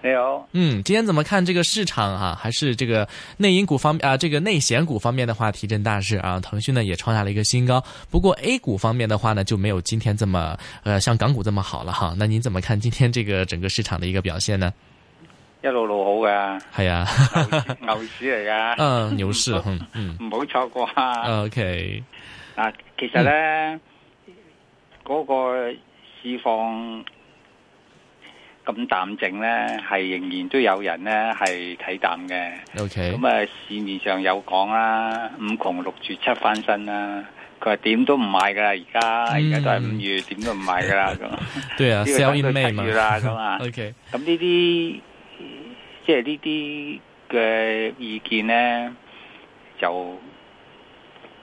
你好，嗯，今天怎麼看這個市場啊？還是這個內銀股方啊，這個內險股方面的話提振大市啊。騰訊呢也創下了一個新高，不過 A 股方面的話呢，就沒有今天這麼，呃，像港股這麼好了哈、啊。那您怎麼看今天這個整個市場的一個表現呢？一路路好噶，係、哎、啊，牛市嚟噶，嗯， 牛市，嗯，唔 好錯過啊。OK，啊，其實呢嗰、嗯那個釋放。咁淡靜咧，係仍然都有人咧係睇淡嘅。O K，咁啊，市面上有講啦，五窮六絕七翻身啦，佢話點都唔買㗎喇。而家而家都係五月，點、嗯、都唔買噶啦。咁 對啊，呢個都係七月啦。咁啊，O K，咁呢啲即係呢啲嘅意見咧，就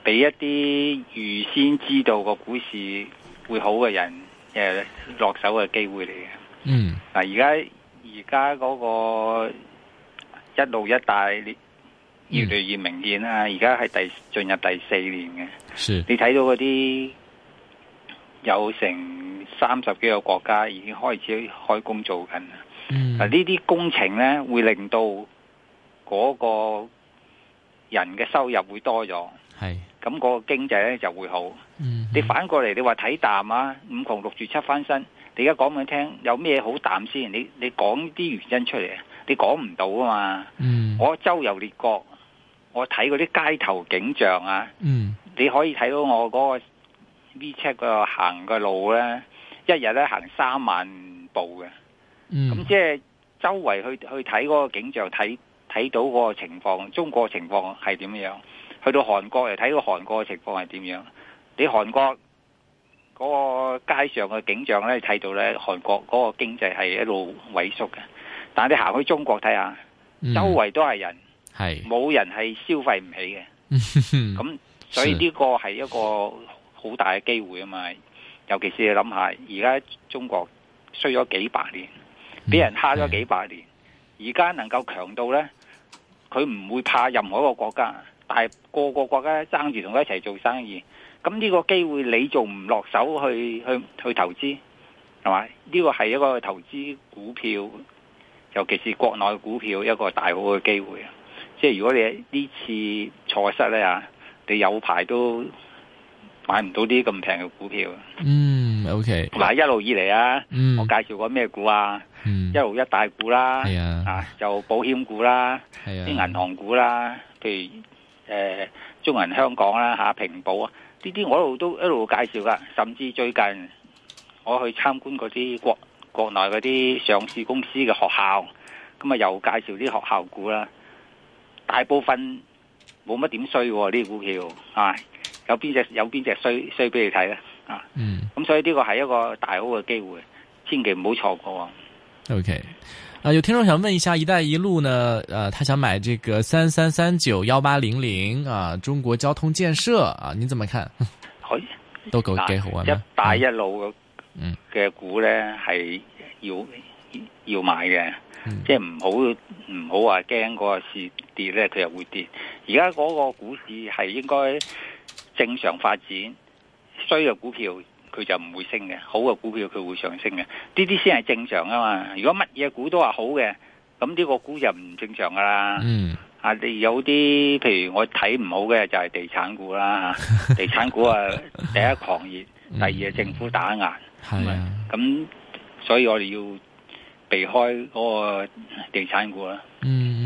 俾一啲預先知道個股市會好嘅人誒落、就是、手嘅機會嚟嘅。嗯，嗱而家而家嗰個一帶一路、啊，越嚟越明顯啦。而家係第進入第四年嘅，你睇到嗰啲有成三十幾個國家已經開始開工做緊啦。嗱呢啲工程呢，會令到嗰個人嘅收入會多咗，係咁嗰個經濟呢，就會好。嗯、你反過嚟，你話睇淡啊，五窮六絕七翻身。你而家講俾我聽，有咩好淡先？你你講啲原因出嚟，你講唔到啊嘛、嗯！我周遊列國，我睇嗰啲街頭景象啊！嗯、你可以睇到我嗰個 WeChat 嗰度行嘅路咧，一日咧行三萬步嘅。咁、嗯、即係周圍去去睇嗰個景象，睇睇到嗰個情況，中國情況係點樣？去到韓國又睇到韓國嘅情況係點樣？你韓國？嗰、那個街上嘅景象咧，睇到咧，韓國嗰個經濟係一路萎縮嘅。但係你行去中國睇下、嗯，周圍都係人，係冇人係消費唔起嘅。咁 所以呢個係一個好大嘅機會啊嘛！尤其是你諗下，而家中國衰咗幾百年，俾人蝦咗幾百年，而、嗯、家能夠強到咧，佢唔會怕任何一個國家，但係個個國家爭住同佢一齊做生意。咁、這、呢個機會你仲唔落手去去去投資係嘛？呢、這個係一個投資股票，尤其是國內股票一個大好嘅機會。即係如果你呢次錯失呢，嚇，你有排都買唔到啲咁平嘅股票。嗯，OK。同埋，一路以嚟啊，我介紹過咩股啊、嗯？一路一帶股啦，係啊，啊就保險股啦，啲銀、啊、行股啦，譬如誒、呃、中銀香港啦嚇、啊，平保啊。呢啲我一路都一路介紹噶，甚至最近我去參觀嗰啲國國內嗰啲上市公司嘅學校，咁啊又介紹啲學校股啦。大部分冇乜點衰，呢啲股票啊，有邊隻有邊隻衰衰俾你睇咧啊？嗯，咁所以呢個係一個大好嘅機會，千祈唔好錯過。OK。啊，有聽眾想問一下，一帶一路呢？呃，他想買這個三三三九幺八零零啊，中國交通建設啊，你怎麼看？可以都講幾好啊？一帶一路嘅股呢，係、嗯、要要買嘅，即係唔好唔好話驚個市跌呢，佢又會跌。而家嗰個股市係應該正常發展，需要股票。佢就唔會升嘅，好嘅股票佢會上升嘅，呢啲先係正常啊嘛！如果乜嘢股都話好嘅，咁呢個股就唔正常噶啦。嗯，啊，有啲譬如我睇唔好嘅就係地產股啦， 地產股啊，第一狂熱，嗯、第二係政府打壓，係啊，係咪？咁所以我哋要避開嗰個地產股啦。嗯。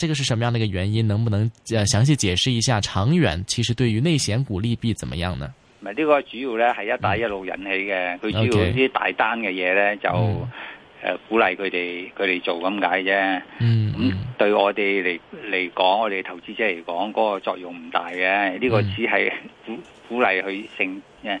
這個是什麼樣的一個原因？能不能詳細解釋一下？長遠其實對於內險股利弊怎麼樣呢？咪、這、呢個主要咧係一帶一路引起嘅，佢主要啲大單嘅嘢咧就誒鼓勵佢哋佢哋做咁解啫。嗯，咁、嗯呃嗯嗯、對我哋嚟嚟講，我哋投資者嚟講，嗰、那個作用唔大嘅。呢、這個只係鼓鼓勵佢成誒，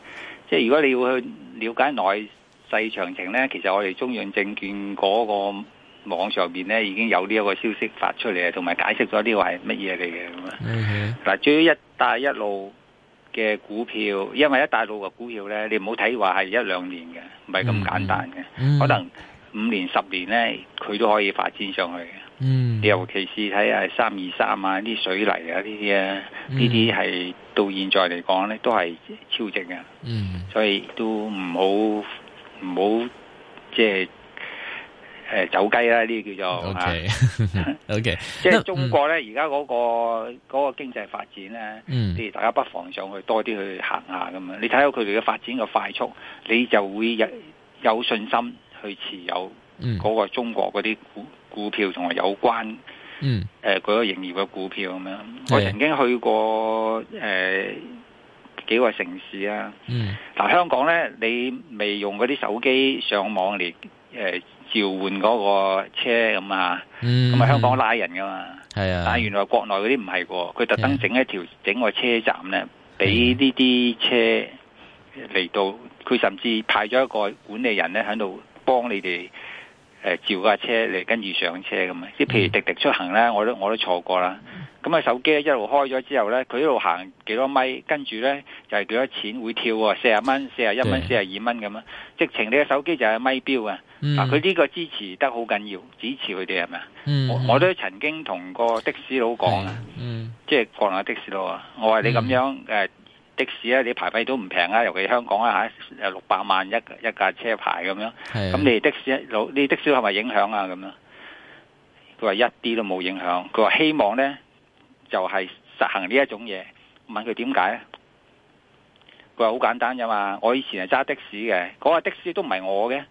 即係如果你要去了解內細詳情咧，其實我哋中央證券嗰、那個。網上邊咧已經有呢一個消息發出嚟，同埋解釋咗呢個係乜嘢嚟嘅咁啊！嗱、okay.，至於一帶一路嘅股票，因為一帶一路嘅股票咧，你唔好睇話係一兩年嘅，唔係咁簡單嘅，mm -hmm. 可能五年、十年咧佢都可以發展上去嘅。嗯、mm -hmm.，尤其是睇下三二三啊，啲水泥啊，呢啲啊，呢啲係到現在嚟講咧都係超值嘅。嗯、mm -hmm.，所以都唔好唔好即係。不要就是誒走雞啦！呢啲叫做嚇，OK，即、啊、係、okay. 中國咧，而家嗰個嗰、嗰個經濟發展咧，啲、嗯、大家不妨上去多啲去行下咁樣，你睇下佢哋嘅發展嘅快速，你就會有有信心去持有嗰個中國嗰啲股股票同埋有關，誒嗰個營業嘅股票咁樣、嗯。我曾經去過誒、呃、幾個城市啊，嗱、嗯、香港咧，你未用嗰啲手機上網嚟誒召喚嗰個車咁、嗯、啊，咁啊香港拉人噶嘛，但係原來國內嗰啲唔係喎，佢特登整一條、啊、整個車站呢，俾呢啲車嚟到，佢甚至派咗一個管理人呢，喺度幫你哋、呃、召架車嚟跟住上車咁啊！即譬如滴滴出行呢，我都我都坐過啦，咁、那、啊、個、手機一路開咗之後呢，佢一路行幾多米，跟住呢就係、是、幾多錢會跳喎，四十蚊、四十一蚊、四十二蚊咁啊，樣直情你嘅手機就係咪錶啊！嗱、嗯，佢呢個支持得好緊要，支持佢哋係咪啊？我我都曾經同個的士佬講啊，即係國內的士佬啊，我話你咁樣誒、嗯呃，的士啊，你排費都唔平啊，尤其是香港啊吓，誒六百萬一一架車牌咁樣，咁、嗯、你的士佬，你的士係咪影響啊？咁樣，佢話一啲都冇影響，佢話希望咧就係、是、實行呢一種嘢。我問佢點解？佢話好簡單咋嘛，我以前係揸的士嘅，嗰、那個的士都唔係我嘅。.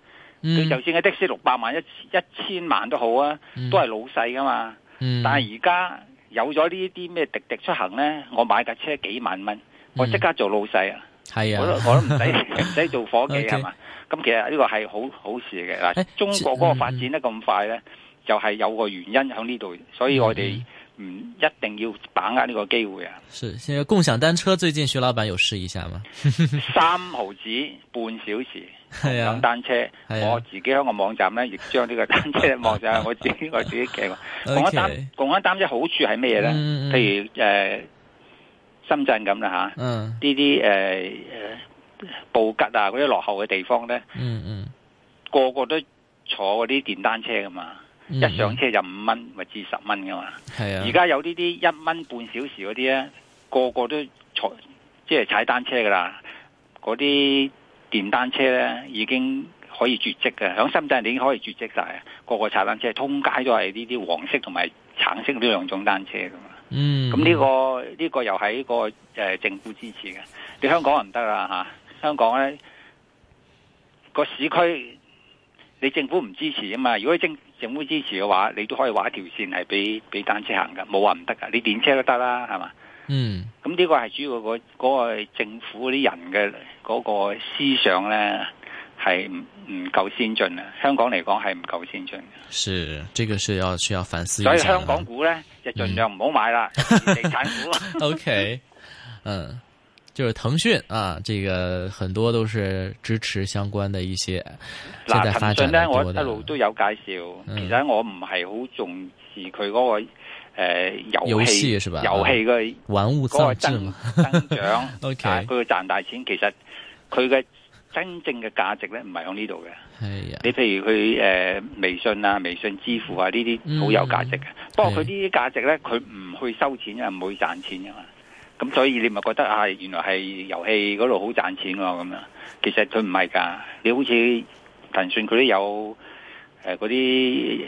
佢、嗯、就算係的士六百萬一一千萬都好啊，都係老細噶嘛。嗯、但係而家有咗呢啲咩滴滴出行咧，我買架車幾萬蚊，我即刻做老細啊。係、嗯、啊，我都、哎、我都唔使唔使做伙計係嘛。咁、okay, 嗯、其實呢個係好好事嘅嗱。中國嗰個發展得咁快咧、哎，就係、是、有個原因喺呢度，所以我哋唔一定要把握呢個機會啊、嗯。是，現在共享單車最近徐老闆有試一下嗎？ 三毫子半小時。共享單車、啊，我自己喺個網站咧，亦將呢個單車咧望咗，我自己我自己騎過。共一單車，okay. 共享單車好處係咩嘢咧？Mm -hmm. 譬如誒、呃，深圳咁啦吓，呢啲誒誒，布、mm -hmm. 呃、吉啊嗰啲落後嘅地方咧，嗯嗯，個個都坐嗰啲電單車噶嘛，mm -hmm. 一上車就五蚊或者十蚊噶嘛，係啊。而家有呢啲一蚊半小時嗰啲咧，個個都坐，即係踩單車噶啦，啲。電單車咧已經可以絕迹嘅，喺深圳已經可以絕迹晒，個個踩單車，通街都係呢啲黃色同埋橙色呢兩種單車噶嘛。嗯，咁呢個呢個又係個誒、呃、政府支持嘅，你香港唔得啦吓，香港咧個市區你政府唔支持啊嘛，如果政政府支持嘅話，你都可以畫一條綫係俾俾單車行噶，冇話唔得噶，你電車都得啦，係嘛？嗯，咁呢個係主要嗰嗰、那個政府嗰啲人嘅嗰個思想咧，係唔唔夠先進啊！香港嚟講係唔夠先進嘅。是，這個是要需要反思的。所以香港股咧，就盡量唔好買啦。地、嗯、產股。 OK，嗯，就是騰訊啊，這個很多都是支持相關的一些現在發展的。嗱、啊，騰訊咧，我一路都有介紹、嗯，其實我唔係好重視佢嗰、那個。誒、呃，遊戲遊戲個增玩物喪志，增長佢會賺大錢。其實佢嘅真正嘅價值咧，唔係響呢度嘅。係啊，你譬如佢誒、呃、微信啊，微信支付啊呢啲好有價值嘅、嗯。不過佢啲價值咧，佢 唔去收錢啊，唔會賺錢啊嘛。咁所以你咪覺得啊，原來係遊戲嗰度好賺錢喎咁樣。其實佢唔係噶，你好似騰訊佢都有誒嗰啲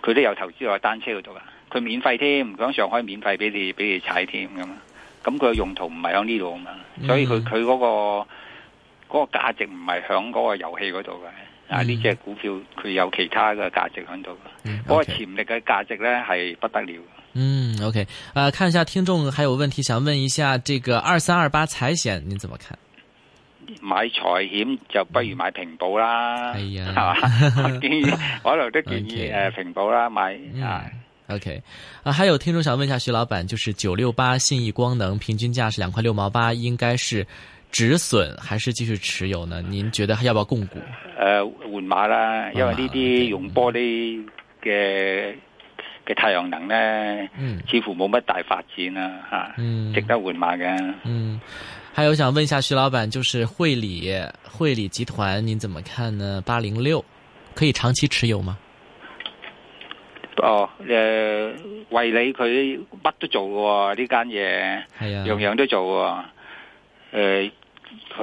佢都有投資落去單車嗰度噶。佢免費添，響上海免費俾你俾你踩添咁，咁佢嘅用途唔係響呢度啊嘛，所以佢佢嗰個嗰、那個、價值唔係響嗰個遊戲嗰度嘅，啊呢隻股票佢有其他嘅價值喺度，嗰、嗯、個、okay，潛力嘅價值咧係不得了。嗯，OK，啊、呃，看一下聽眾，還有問題想問一下，這個二三二八財險，你怎麼看？買財險就不如買平保啦，係、哎、啊，係嘛？ 建議我哋都建議誒、 呃、平保啦，買啊。嗯 OK，啊，還有聽眾想問一下徐老闆，就是九六八信義光能平均價是兩塊六毛八，應該是止損還是繼續持有呢？您覺得還要不要供股？呃，換馬啦，啊、因為呢啲用玻璃嘅嘅、嗯、太陽能呢，嗯，似乎冇乜大發展啊，吓、嗯、嗯、啊，值得換馬嘅。嗯，還有想問一下徐老闆，就是惠理惠理集團，您怎麼看呢？八零六可以長期持有嗎？哦，誒、呃，為你佢乜都做嘅喎、哦，呢間嘢，係啊，樣樣都做喎、哦。誒、呃，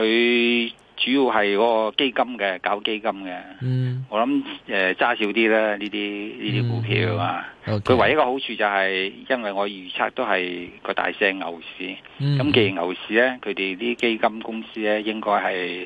佢主要係嗰個基金嘅，搞基金嘅、嗯呃。嗯，我諗誒揸少啲咧，呢啲呢啲股票啊。佢唯一個好處就係、是，因為我預測都係個大升牛市。咁、嗯、既然牛市咧，佢哋啲基金公司咧，應該係。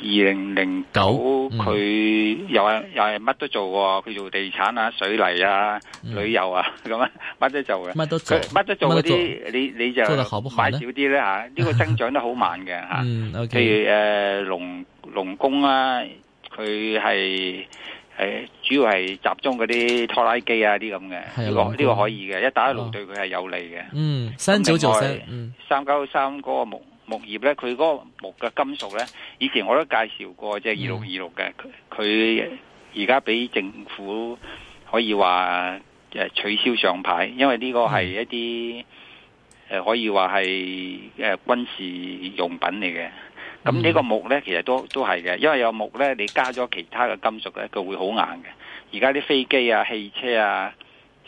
二零零九佢又係又係乜都做喎，佢做地產啊、水泥啊、旅遊啊咁啊，乜都做，乜都做，乜都做嗰啲，你你就買少啲咧嚇，呢個增長得好慢嘅嚇。嗯，OK。譬如誒龍龍工啊，佢係誒主要係集中嗰啲拖拉機啊啲咁嘅，呢個呢個可以嘅，一帶一路對佢係有利嘅。嗯，新組就係，嗯，三九三嗰個門。木業咧，佢嗰個木嘅金屬咧，以前我都介紹過，即係二六二六嘅。佢而家俾政府可以話取消上牌，因為呢個係一啲誒可以話係誒軍事用品嚟嘅。咁呢個木咧，其實都都係嘅，因為有木咧，你加咗其他嘅金屬咧，佢會好硬嘅。而家啲飛機啊、汽車啊，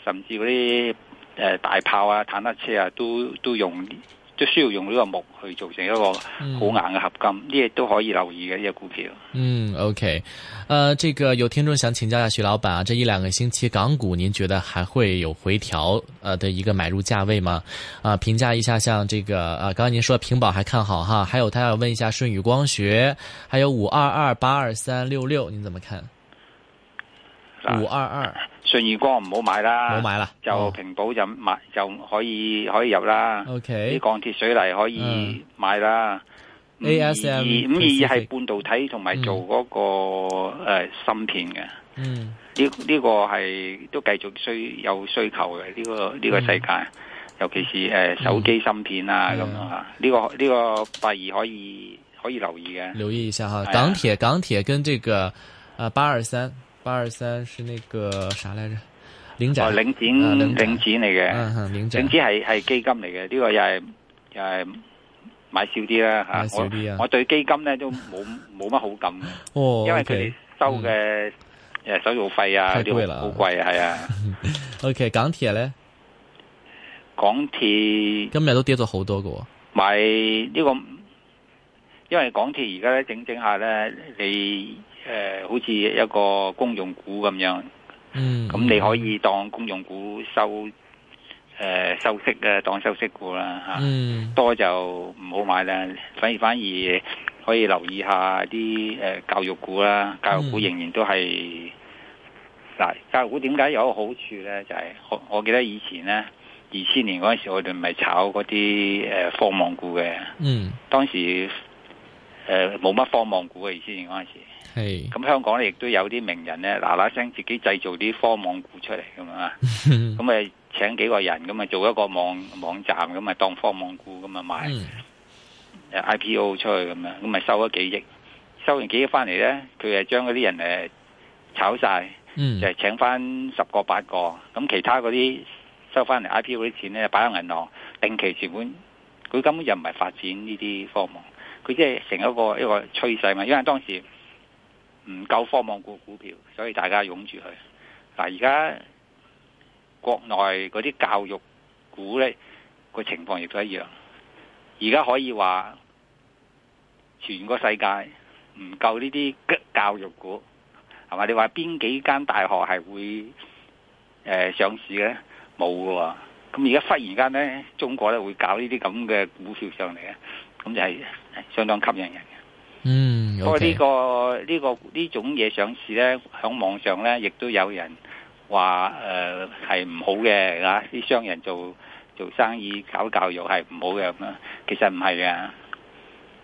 甚至嗰啲誒大炮啊、坦克車啊，都都用。都需要用呢個木去做成一個好硬嘅合金，呢、嗯、啲都可以留意嘅呢隻股票。嗯，OK，呃，這個有聽眾想請教一下徐老闆啊，這一兩個星期港股，您覺得還會有回調，呃的一個買入價位嗎？啊、呃，評價一下，像這個，啊、呃，剛剛您說平保還看好哈，還有，他要問一下順宇光學，還有五二二八二三六六，您怎麼看？五二二，信義光唔好買啦，冇買啦，就平保就買就可以可以入啦。O K，啲鋼鐵水泥可以買啦。A S M，五二二係半導體同埋做嗰個誒芯片嘅。嗯，呢、這、呢個係、這個、都繼續需有需求嘅呢、這個呢、這個世界，嗯、尤其是誒手機芯片啊咁樣吓，呢、嗯嗯這個呢、這個八二可以可以留意嘅。留意一下哈，港鐵、啊、港鐵跟呢、這個誒八二三。呃 823, 八二三是那個啥來着？領展哦，領展領展嚟嘅，領展係係基金嚟嘅，呢個又係又係買少啲啦吓。我我對基金咧都冇冇乜好感嘅，因為佢收嘅誒手續費啊啲嘢，好貴係啊。OK，其實港鐵咧，港鐵今日都跌咗好多㗎。買呢個，因為港鐵而家咧整整下咧，你。誒、呃，好似一個公用股咁樣，咁、嗯、你可以當公用股收，誒、呃，收息嘅當收息股啦吓、嗯，多就唔好買啦，反而反而可以留意下啲誒、呃、教育股啦，教育股仍然都係，嗱、嗯，教育股點解有個好處咧？就係、是、我我記得以前咧，二千年嗰陣時我哋咪炒嗰啲誒科網股嘅、嗯，當時。誒、呃，冇乜科網股嘅意思，嗰陣時係。咁香港咧，亦都有啲名人咧，嗱嗱聲自己製造啲科網股出嚟咁啊。咁 咪請幾個人，咁咪做一個網網站，咁咪當科網股咁啊賣。IPO 出去咁樣，咁咪收咗幾億，收完幾億翻嚟咧，佢係將嗰啲人誒炒晒， 就係請翻十個八個。咁其他嗰啲收翻嚟 IPO 啲錢咧，擺喺銀行定期存款，佢根本又唔係發展呢啲科網。佢即係成一個一個趨勢嘛，因為當時唔夠科網股股票，所以大家湧住佢。嗱，而家國內嗰啲教育股咧個情況亦都一樣。而家可以話，全個世界唔夠呢啲教育股，係嘛？你話邊幾間大學係會誒上市嘅？冇噶喎。咁而家忽然間咧，中國咧會搞呢啲咁嘅股票上嚟咧？咁就係相當吸引人嘅。嗯，不過呢個呢個呢種嘢上市呢，喺網上呢，亦都有人話誒係唔好嘅，呢啲商人做做生意搞教育係唔好嘅咁啦。其實唔係嘅，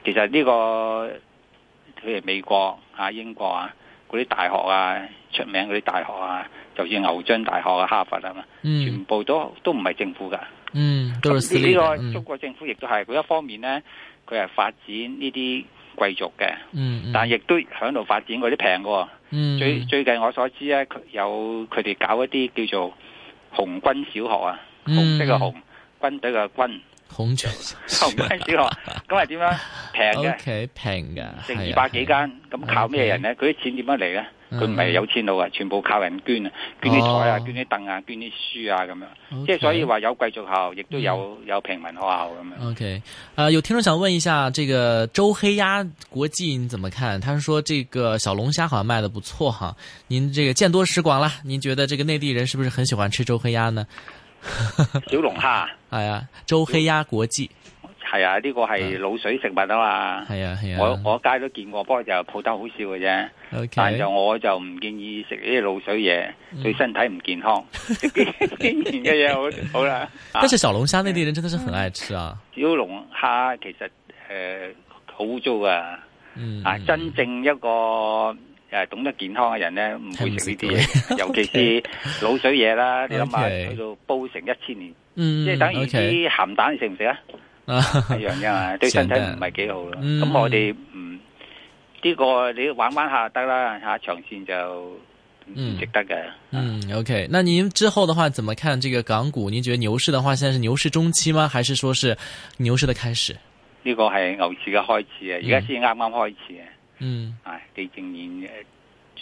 其實呢個譬如美國啊、英國啊。嗰啲大學啊，出名嗰啲大學啊，就算牛津大學啊、哈佛啊嘛，全部都都唔係政府噶。嗯，呢個中國政府亦都係佢一方面咧，佢係發展呢啲貴族嘅，嗯。嗯，但係亦都響度發展嗰啲平嘅。嗯，最最近我所知咧，啊，佢有佢哋搞一啲叫做紅軍小學啊，紅色嘅紅，軍隊嘅軍。孔雀後邊小學咁係點咧？平嘅 ，OK，平嘅，成二百幾間。咁、啊啊、靠咩人呢佢啲、okay, 錢點樣嚟呢佢唔係有錢佬啊，全部靠人捐,、嗯捐,啊,哦、捐啊，捐啲檯啊，捐啲凳啊，捐啲書啊咁樣。Okay, 即係所以話有貴族校，亦都有、嗯、有平民學校咁樣。OK，啊、呃，有聽眾想問一下，這個周黑鴨國際你怎麼看？他說這個小龍蝦好像賣得不錯哈。您這個見多識廣啦，您覺得這個內地人是不是很喜歡吃周黑鴨呢？ 小龍蝦係啊，周黑鴨果汁係啊，呢、這個係滷水食物啊嘛，係啊係啊，啊，我我街都見過，不過就鋪得好少嘅啫。Okay. 但係就我就唔建議食呢啲滷水嘢，嗯，對身體唔健康。天然嘅嘢好好啦。但是小龍蝦呢啲人真的是很愛吃啊。嗯、小龍蝦其實誒、呃、好污糟、嗯、啊，啊真正一個。誒，懂得健康嘅人咧，唔會食呢啲嘢， 尤其是滷水嘢啦。你諗下，去、okay. 到煲成一千年，mm, okay. 即係等於啲鹹蛋，你食唔食啊？ 一樣啫嘛， 對身體唔係幾好咁 我哋唔呢個你玩玩，玩下得啦，吓長線就唔值得嘅。嗯，、啊、嗯，OK，那您之後嘅話，怎麼看這個港股？您覺得牛市的話，現在是牛市中期嗎？還是說是牛市的開始？呢、呢個係牛市嘅開始啊！而家先啱啱開始啊！嗯，係，你竟然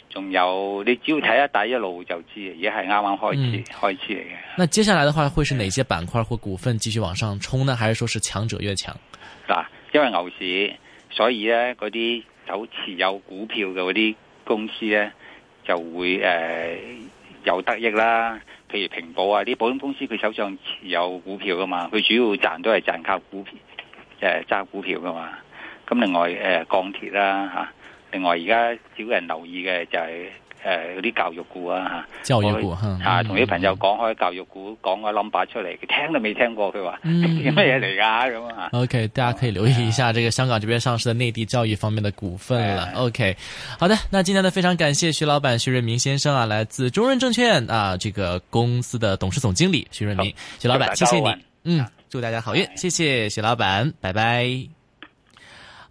仲有，你只要睇一帶一路就知，而家係啱啱開始開始嚟嘅。那接下來的話會是哪些板塊或股份繼續往上衝呢？還是說是強者越強？嗱，因為牛市，所以咧嗰啲走持有股票嘅嗰啲公司咧就會誒、呃、有得益啦。譬如平保啊，啲保險公司佢手上持有股票噶嘛，佢主要賺都係賺靠股票，誒、呃、揸股票噶嘛。咁另外誒、呃、鋼鐵啦、啊、嚇、啊，另外而家少人留意嘅就係誒嗰啲教育股啊嚇，教育股啊，啊、嗯、同啲朋友講開、嗯、教育股，講個 number 出嚟，佢聽都未聽過，佢話啲乜嘢嚟噶咁啊？OK，大家可以留意一下，這個香港這邊上市的內地教育方面的股份啦。OK，好的，那今天呢非常感謝徐老闆徐潤民先生啊，來自中潤證券啊，這個公司的董事總經理徐潤民，徐老闆謝謝你，嗯，祝大家好運，謝謝徐老闆，拜拜。